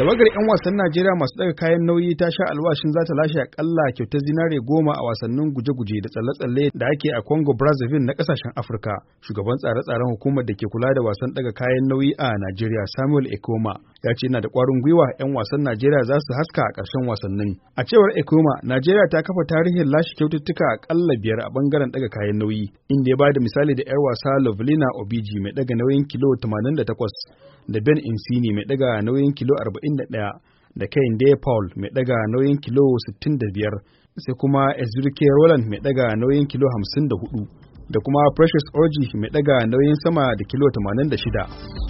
Tawagar 'yan wasan Najeriya masu daga kayan nauyi ta sha alwashin za ta lashe akalla kyauta zinare goma a wasannin guje-guje da tsalle-tsalle da ake a Congo Brazzaville na ƙasashen Afirka. Shugaban tsare-tsaren hukumar da ke kula da wasan daga kayan nauyi a Najeriya Samuel Ekoma ya ce na da kwarin gwiwa 'yan wasan Najeriya za su haska a ƙarshen wasannin. A cewar Ekuma, Najeriya ta kafa tarihin lashe kyaututtuka a ƙalla biyar a ɓangaren ɗaga kayan nauyi, inda ya ba da misali da 'yar wasa Lovelina Obiji mai ɗaga nauyin kilo 88 da Ben Insini mai ɗaga nauyin kilo 41 da Day Paul mai ɗaga nauyin kilo 65 sai kuma Ezurike Roland mai ɗaga nauyin kilo 54 da kuma Precious Orji mai ɗaga nauyin sama da kilo 86.